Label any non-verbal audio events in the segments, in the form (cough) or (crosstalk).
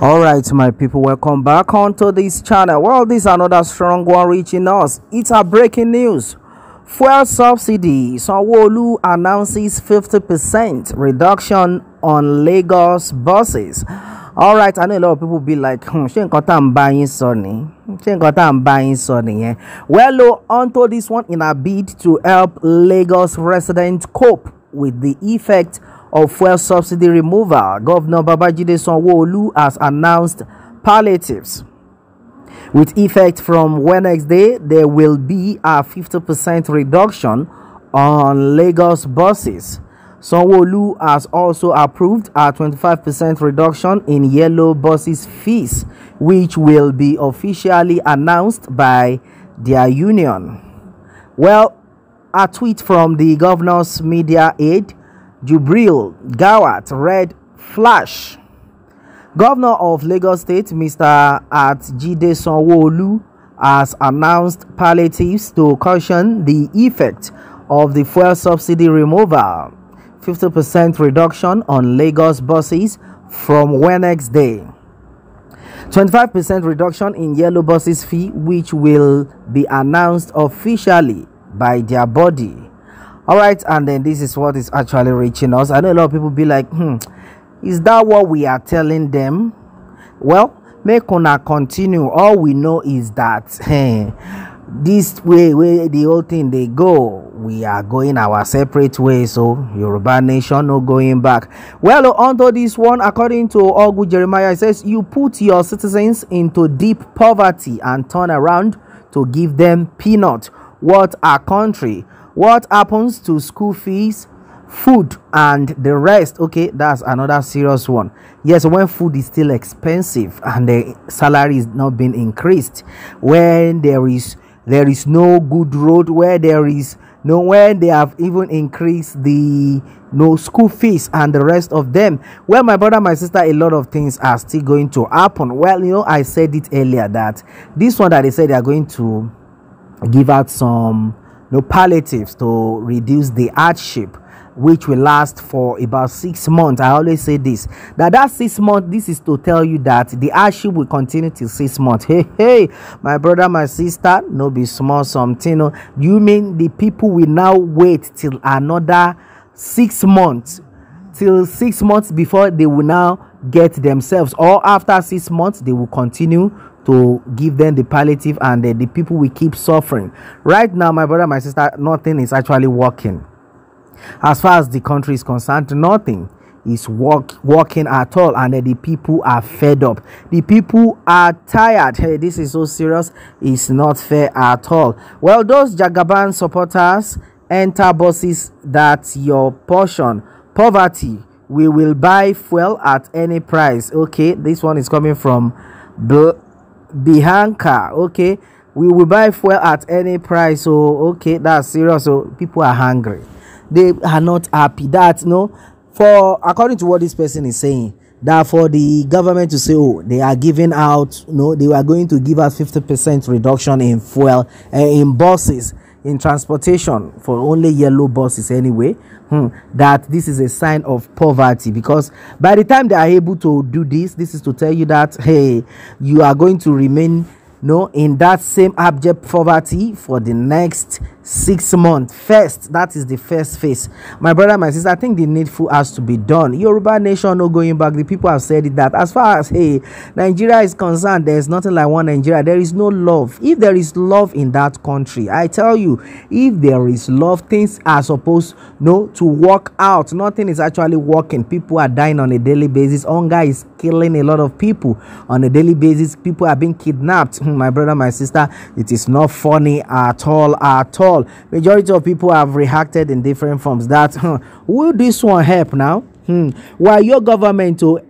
all right my people welcome back onto this channel well this is another strong one reaching us it's a breaking news fuel subsidy sanwolu announces 50 percent reduction on lagos buses all right i know a lot of people be like hmm ṣé nǹkan tá à ń bá yín sọ ni ṣé nǹkan tá à well onto this one in a bid to help lagos residents cope with the effect of fuel subsidy removal, Governor Babajide Sanwo-Olu has announced palliatives. With effect from Wednesday, there will be a 50% reduction on Lagos buses. Sanwo-Olu has also approved a 25% reduction in yellow buses fees, which will be officially announced by their union. Well, a tweet from the governor's media aide Jubril Gawat Red Flash. Governor of Lagos State, Mr. At Sanwo-Olu, has announced palliatives to caution the effect of the fuel subsidy removal, 50% reduction on Lagos buses from Wednesday, 25% reduction in yellow buses fee, which will be announced officially by their body all right and then this is what is actually reaching us i know a lot of people be like hmm is that what we are telling them well make una continue all we know is that (laughs) hey, this way way the whole thing they go we are going our separate way so yoruba nation no going back well onto this one according to ogu jeremiah it says you put your citizens into deep poverty and turn around to give them peanut what a country what happens to school fees food and the rest okay that's another serious one yes when food is still expensive and the salary is not being increased when there is there is no good road where there is no when they have even increased the no school fees and the rest of them well my brother my sister a lot of things are still going to happen well you know i said it earlier that this one that they said they are going to give out some no palliatives to reduce the hardship which will last for about six months. I always say this that that six months. This is to tell you that the hardship will continue till six months. Hey, hey, my brother, my sister, no be small something. you mean the people will now wait till another six months, till six months before they will now get themselves, or after six months they will continue to give them the palliative and the people will keep suffering right now my brother my sister nothing is actually working as far as the country is concerned nothing is work, working at all and uh, the people are fed up the people are tired hey this is so serious it's not fair at all well those jagaban supporters enter buses that's your portion poverty we will buy fuel at any price okay this one is coming from Bl Bianca. Okay, we will buy fuel at any price. So okay, that's serious. So people are hungry. They are not happy. That no, for according to what this person is saying, that for the government to say, oh, they are giving out, you no, know, they are going to give us 50% reduction in fuel uh, in buses in transportation for only yellow buses anyway hmm, that this is a sign of poverty because by the time they are able to do this this is to tell you that hey you are going to remain you no know, in that same abject poverty for the next six months first that is the first phase my brother my sister i think the needful has to be done yoruba nation no going back the people have said it that as far as hey nigeria is concerned there is nothing like one nigeria there is no love if there is love in that country i tell you if there is love things are supposed no to work out nothing is actually working people are dying on a daily basis hunger is killing a lot of people on a daily basis people are being kidnapped (laughs) my brother my sister it is not funny at all at all all majority of people have reacted in different forms that (laughs) will this one help now hmm. why your government to oh,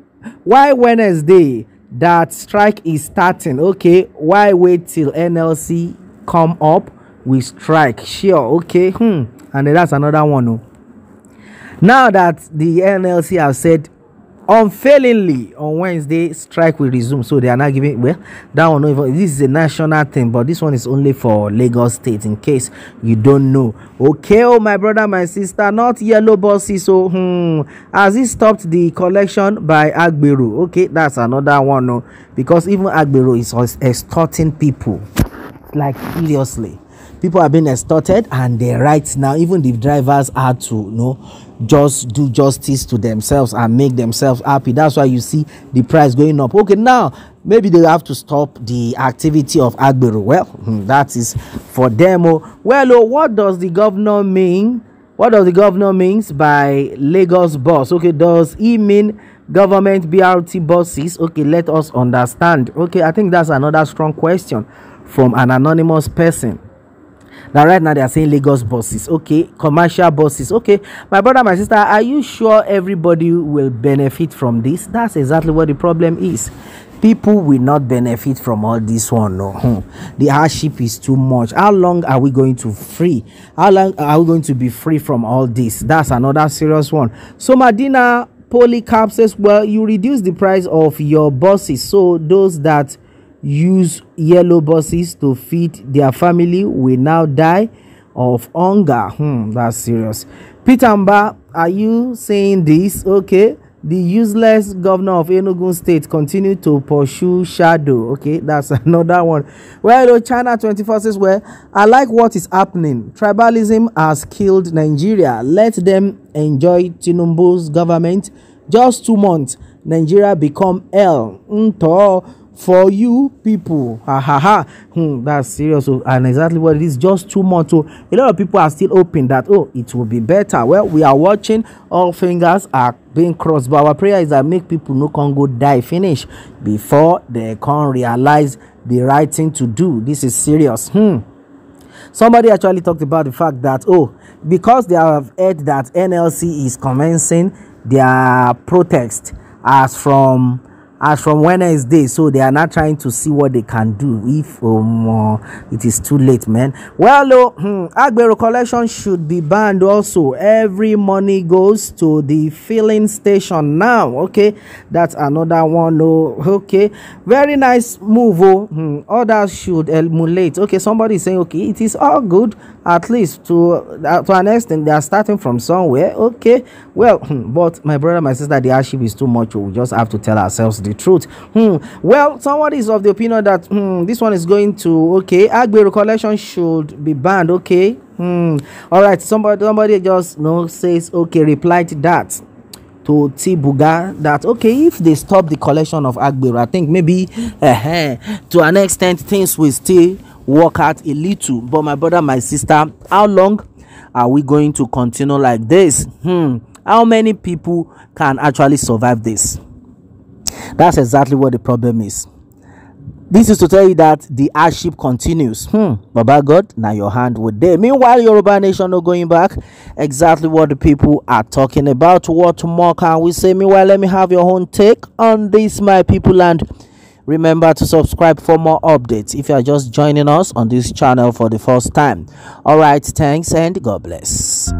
why wednesday that strike is starting okay why wait till nlc come up we strike sure okay hmm. and that's another one oh. now that the nlc have said unfailingly on wednesday strike will resume so they are not giving well that one even this is a national thing but this one is only for lagos state in case you don't know okay oh my brother my sister not yellow buses so oh, hmm has it stopped the collection by agbero okay that's another one no oh, because even agbero is extorting people like seriously people are being extorted and they right now even the drivers are to you know just do justice to themselves and make themselves happy that's why you see the price going up okay now maybe they have to stop the activity of agbero well hmm, that is for demo oh. well oh, what does the governor mean what does the governor means by lagos bus okay does he mean government brt buses okay let us understand okay i think that's another strong question from an anonymous person now right now they are saying lagos buses okay commercial buses okay my brother my sister are you sure everybody will benefit from this that's exactly what the problem is people will not benefit from all this one no hmm. the hardship is too much how long are we going to free how long are we going to be free from all this that's another serious one so madina Polycarp says well you reduce the price of your buses so those that use yellow buses to feed their family will now die of hunger. Hmm, that's serious. Peter Mba, are you saying this? Okay. The useless governor of Enugu State continue to pursue shadow. Okay, that's (laughs) another one. Well, hello, China 24 says, well, I like what is happening. Tribalism has killed Nigeria. Let them enjoy Tinubu's government. Just two months, Nigeria become hell. Mm-hmm. for you people ha ha ha hmm, that's serious oh. and exactly what it is just two months so a lot of people are still hoping that oh it will be better well we are watching all fingers are being crossed but our prayer is that make people no can go die finish before they can realize the right thing to do this is serious hmm somebody actually talked about the fact that oh because they have heard that nlc is commencing their protest as from as from Wednesday, so they are now trying to see what they can do if um, uh, it is too late, man. Well, oh, hmm, Agbero collection should be banned also. Every money goes to the filling station now. Okay, that's another one. Oh, okay, very nice move. Oh, hmm. others should emulate. Okay, somebody saying, okay, it is all good at least to uh, to an extent they are starting from somewhere okay well hmm, but my brother my sister the hardship is too much we just have to tell ourselves the truth hmm. well someone is of the opinion that hmm, this one is going to okay agbero collection should be banned okay hmm. all right somebody somebody just you know says okay reply to that to Tibuga that okay if they stop the collection of Agbira, I think maybe uh, (laughs) to an extent things will still work out a little but my brother my sister how long are we going to continue like this hmm how many people can actually survive this that's exactly what the problem is this is to tell you that the hardship continues hmm baba god now your hand would there. meanwhile yoruba nation no going back exactly what the people are talking about what more can we say meanwhile let me have your own take on this my people and Remember to subscribe for more updates if you are just joining us on this channel for the first time. Alright, thanks and God bless.